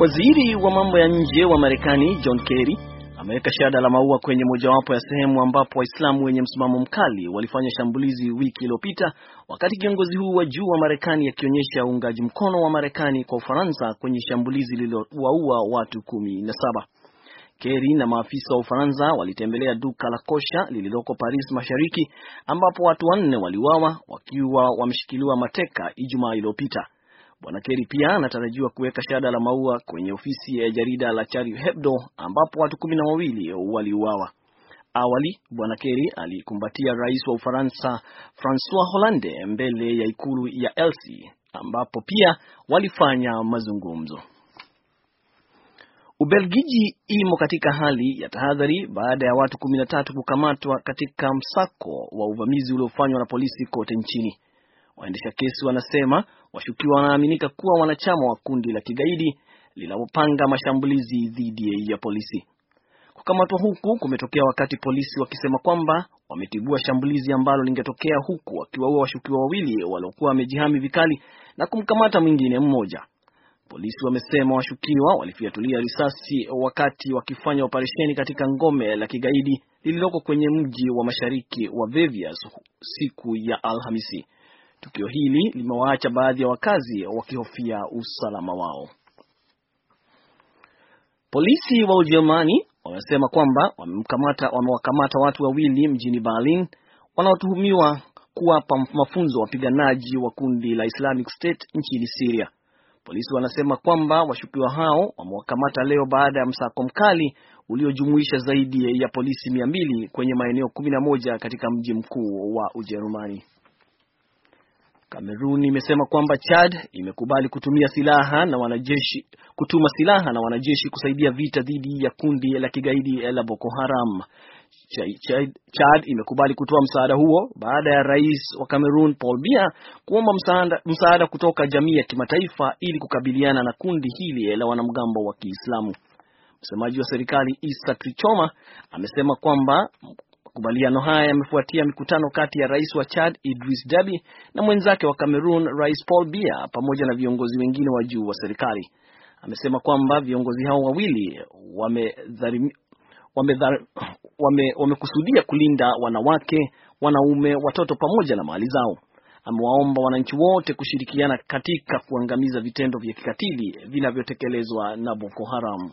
Waziri wa mambo ya nje wa Marekani John Kerry ameweka shada la maua kwenye mojawapo ya sehemu ambapo Waislamu wenye msimamo mkali walifanya shambulizi wiki iliyopita, wakati kiongozi huu wa juu wa Marekani akionyesha uungaji mkono wa Marekani kwa Ufaransa kwenye shambulizi lililowaua watu kumi na saba. Kerry na maafisa wa Ufaransa walitembelea duka la kosha lililoko Paris Mashariki ambapo watu wanne waliuawa wakiwa wameshikiliwa mateka Ijumaa iliyopita. Bwana Kerry pia anatarajiwa kuweka shada la maua kwenye ofisi ya jarida la Charlie Hebdo ambapo watu kumi na wawili waliuawa. Awali Bwana Kerry alikumbatia rais wa Ufaransa Francois Hollande mbele ya ikulu ya Elysee ambapo pia walifanya mazungumzo. Ubelgiji imo katika hali ya tahadhari baada ya watu 13 kukamatwa katika msako wa uvamizi uliofanywa na polisi kote nchini. Waendesha kesi wanasema washukiwa wanaaminika kuwa wanachama wa kundi la kigaidi linalopanga mashambulizi dhidi ya polisi. Kukamatwa huku kumetokea wakati polisi wakisema kwamba wametibua shambulizi ambalo lingetokea huku wakiwaua washukiwa wawili waliokuwa wamejihami vikali na kumkamata mwingine mmoja. Polisi wamesema washukiwa walifyatulia risasi wakati wakifanya operesheni katika ngome la kigaidi lililoko kwenye mji wa mashariki wa Vevias siku ya Alhamisi. Tukio hili limewaacha baadhi ya wakazi wakihofia usalama wao. Polisi wa Ujerumani wamesema kwamba wamewakamata watu wawili mjini Berlin wanaotuhumiwa kuwapa mafunzo wapiganaji wa kundi la Islamic State nchini Syria. Polisi wanasema kwamba washukiwa hao wamewakamata leo baada ya msako mkali uliojumuisha zaidi ya polisi mia mbili kwenye maeneo 11 katika mji mkuu wa Ujerumani. Kamerun imesema kwamba Chad imekubali kutumia silaha na wanajeshi, kutuma silaha na wanajeshi kusaidia vita dhidi ya kundi la kigaidi la Boko Haram. Chad, Chad imekubali kutoa msaada huo baada ya rais wa Cameroon Paul Biya kuomba msaada, msaada kutoka jamii ya kimataifa ili kukabiliana na kundi hili la wanamgambo wa Kiislamu. Msemaji wa serikali Isa Trichoma amesema kwamba Makubaliano haya yamefuatia mikutano kati ya rais wa Chad Idris Deby na mwenzake wa Cameroon Rais Paul Biya pamoja na viongozi wengine wa juu wa serikali. Amesema kwamba viongozi hao wawili wamekusudia wame wame, wame kulinda wanawake, wanaume, watoto pamoja na mali zao. Amewaomba wananchi wote kushirikiana katika kuangamiza vitendo vya kikatili vinavyotekelezwa na Boko Haram.